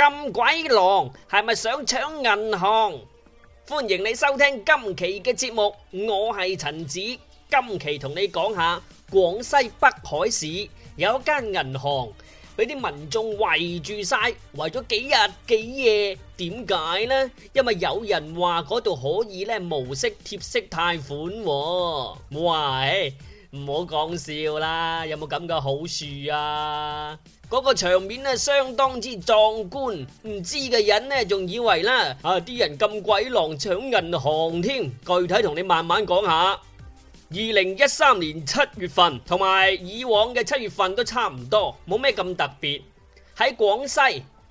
咁鬼狼係咪想搶銀行？歡迎你收聽今期嘅節目，我係陳子，今期同你講下廣西北海市有一間銀行俾啲民眾圍住晒，圍咗幾日幾夜，點解呢？因為有人話嗰度可以咧無息貼息貸款，喂！唔好講笑啦，有冇咁嘅好處啊？嗰個場面咧，相當之壯觀，唔知嘅人咧，仲以為啦啊啲人咁鬼狼搶銀行添。具體同你慢慢講下。二零一三年七月份同埋以往嘅七月份都差唔多，冇咩咁特別。喺廣西。.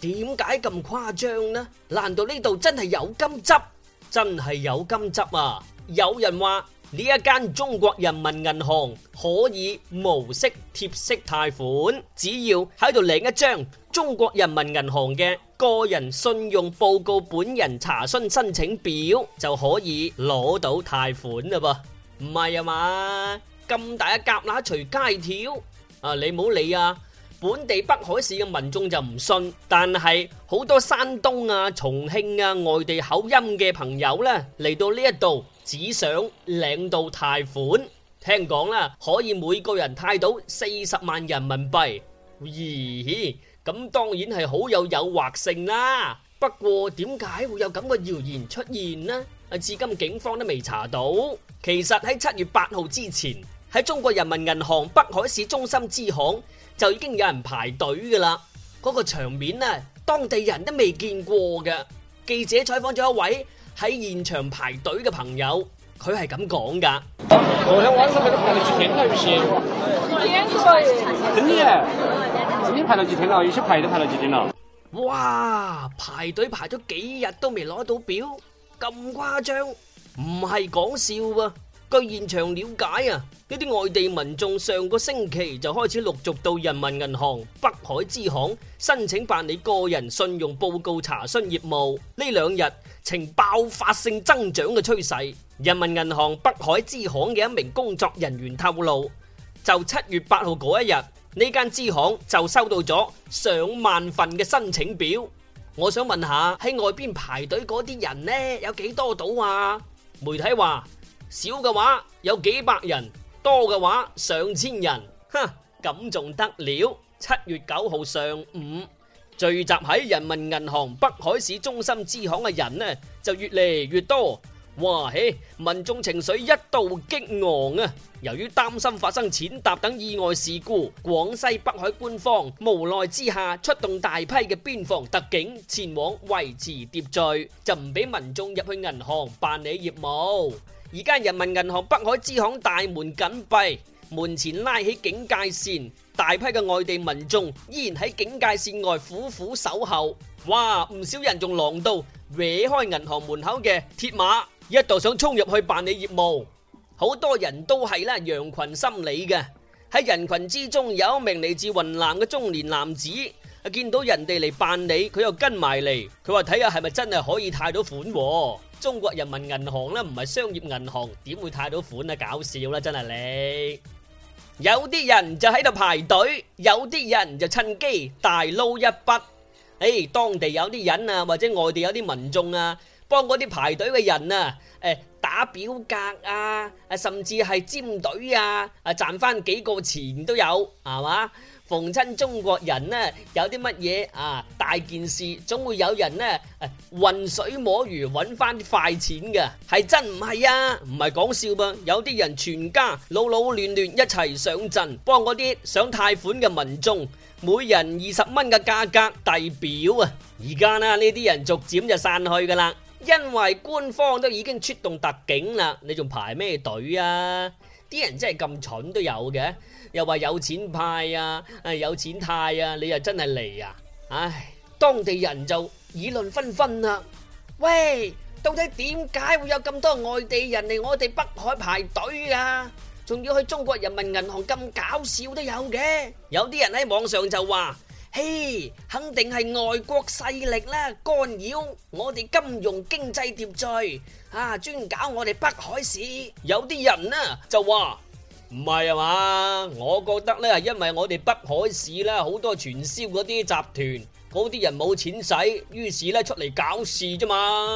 點解咁誇張呢？難道呢度真係有金執？真係有金執啊！有人話呢一間中國人民銀行可以無息貼息貸款，只要喺度領一張中國人民銀行嘅個人信用報告本人查詢申請表就可以攞到貸款啦噃。唔係啊嘛，咁大一夾乸隨街跳啊！你唔好理啊！本地北海市嘅民眾就唔信，但係好多山東啊、重慶啊外地口音嘅朋友呢，嚟到呢一度，只想領到貸款。聽講啦，可以每個人貸到四十萬人民幣，咦，咁當然係好有誘惑性啦。不過點解會有咁嘅謠言出現呢？啊，至今警方都未查到。其實喺七月八號之前，喺中國人民銀行北海市中心支行就已經有人排隊噶啦，嗰個場面呢，當地人都未見過嘅。記者採訪咗一位喺現場排隊嘅朋友，佢係咁講噶：我喺搵佢都排住幾耐嘅事，真嘅，真嘅排咗幾天啦，有些排都排咗幾天啦。哇，排隊排咗幾日都未攞到表，咁誇張，唔係講笑喎。據現場了解啊，呢啲外地民眾上個星期就開始陸續到人民銀行北海支行申請辦理個人信用報告查詢業務，呢兩日呈爆發性增長嘅趨勢。人民銀行北海支行嘅一名工作人員透露，就七月八號嗰一日，呢間支行就收到咗上萬份嘅申請表。我想問下，喺外邊排隊嗰啲人呢，有幾多到啊？媒體話。少嘅話有幾百人，多嘅話上千人，哼，咁仲得了？七月九號上午聚集喺人民銀行北海市中心支行嘅人呢，就越嚟越多，哇！嘿，民眾情緒一度激昂啊！由於擔心發生踩踏等意外事故，廣西北海官方無奈之下出動大批嘅邊防特警前往維持秩序，就唔俾民眾入去銀行辦理業務。而家人民銀行北海支行大門緊閉，門前拉起警戒線，大批嘅外地民眾依然喺警戒線外苦苦守候。哇，唔少人仲狼到歪開銀行門口嘅鐵馬，一度想衝入去辦理業務。好多人都係啦，羊群心理嘅。喺人群之中，有一名嚟自雲南嘅中年男子，見到人哋嚟辦理，佢又跟埋嚟，佢話睇下係咪真係可以貸到款。中國人民銀行咧唔係商業銀行，點會貸到款啊？搞笑啦，真係你，有啲人就喺度排隊，有啲人就趁機大撈一筆。誒、哎，當地有啲人啊，或者外地有啲民眾啊，幫嗰啲排隊嘅人啊，誒、哎。打表格啊，甚至係尖隊啊，賺翻幾個錢都有，係嘛？逢親中國人呢，有啲乜嘢啊？大件事總會有人呢，啊、渾水摸魚揾翻啲快錢嘅，係真唔係啊？唔係講笑噃，有啲人全家老老嫩嫩一齊上陣，幫嗰啲想貸款嘅民眾，每人二十蚊嘅價格遞表啊！而家呢，呢啲人逐漸就散去噶啦，因為官方都已經出動特。警啦，你仲排咩隊啊？啲人真係咁蠢都有嘅？又話有錢派啊，誒有錢派啊，你又真係嚟啊！唉，當地人就議論紛紛啦。喂，到底點解會有咁多外地人嚟我哋北海排隊啊？仲要去中國人民銀行咁搞笑都有嘅，有啲人喺網上就話。嘿，hey，肯定係外國勢力啦，干擾我哋金融經濟秩序，啊，專搞我哋北海市。有啲人呢、啊、就話唔係啊嘛，我覺得呢係因為我哋北海市呢好多傳銷嗰啲集團，嗰啲人冇錢使，於是呢出嚟搞事咋嘛？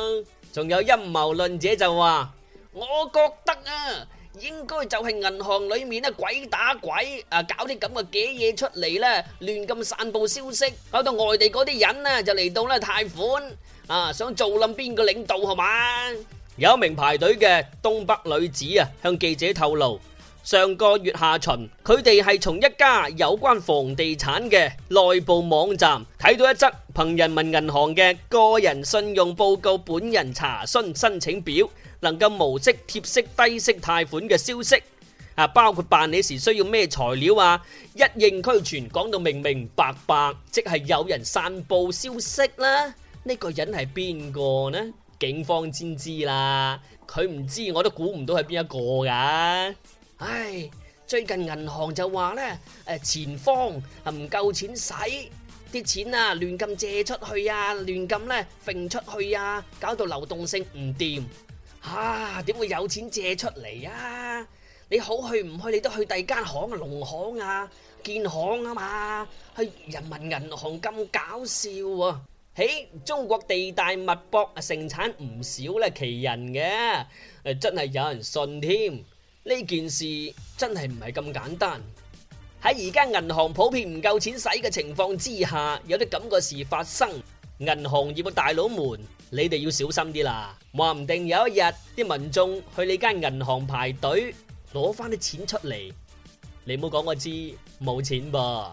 仲有陰謀論者就話，我覺得啊。應該就係銀行裏面咧鬼打鬼啊，搞啲咁嘅假嘢出嚟啦，亂咁散布消息，搞到外地嗰啲人咧就嚟到咧貸款啊，想做冧邊個領導係嘛？有一名排隊嘅東北女子啊，向記者透露，上個月下旬，佢哋係從一家有關房地產嘅內部網站睇到一則。憑人民銀行嘅個人信用報告、本人查詢申請表，能夠無息貼息低息貸款嘅消息啊，包括辦理時需要咩材料啊，一應俱全，講到明明白白，即係有人散布消息啦。呢、呢個人係邊個呢？警方先知啦，佢唔知我都估唔到係邊一個噶。唉，最近銀行就話呢，誒，前方唔夠錢使。啲錢啊，亂咁借出去啊，亂咁咧揈出去啊，搞到流動性唔掂，吓點會有錢借出嚟啊？你好去唔去？你都去第二間行，農行啊、建行啊嘛，去人民銀行咁搞笑啊？喺中國地大物博，盛產唔少咧奇人嘅，誒真係有人信添，呢件事真係唔係咁簡單。喺而家銀行普遍唔夠錢使嘅情況之下，有啲咁嘅事發生，銀行業嘅大佬們，你哋要小心啲啦，話唔定有一日啲民眾去你間銀行排隊攞翻啲錢出嚟，你唔好講我知，冇錢噃。